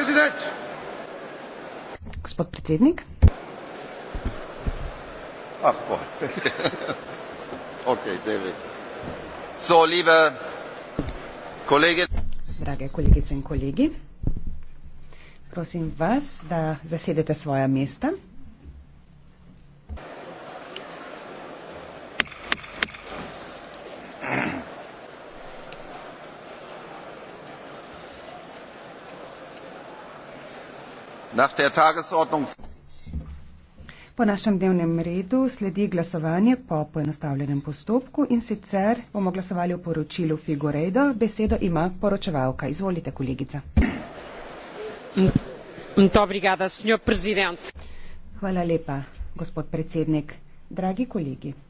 President. Gospod predsednik. Ach, okay, so, liebe kolege. Drage kolegice in kolegi, prosim vas, da zasedete svoja mesta. Mm. Nach der Tagesordnung. Po našem dnevnem redu sledi glasovanje po poenostavljenem postopku in sicer bomo glasovali o poročilu Figurejdo. Besedo ima poročevalka. Izvolite, kolegica. Hvala lepa, gospod predsednik. Dragi kolegi.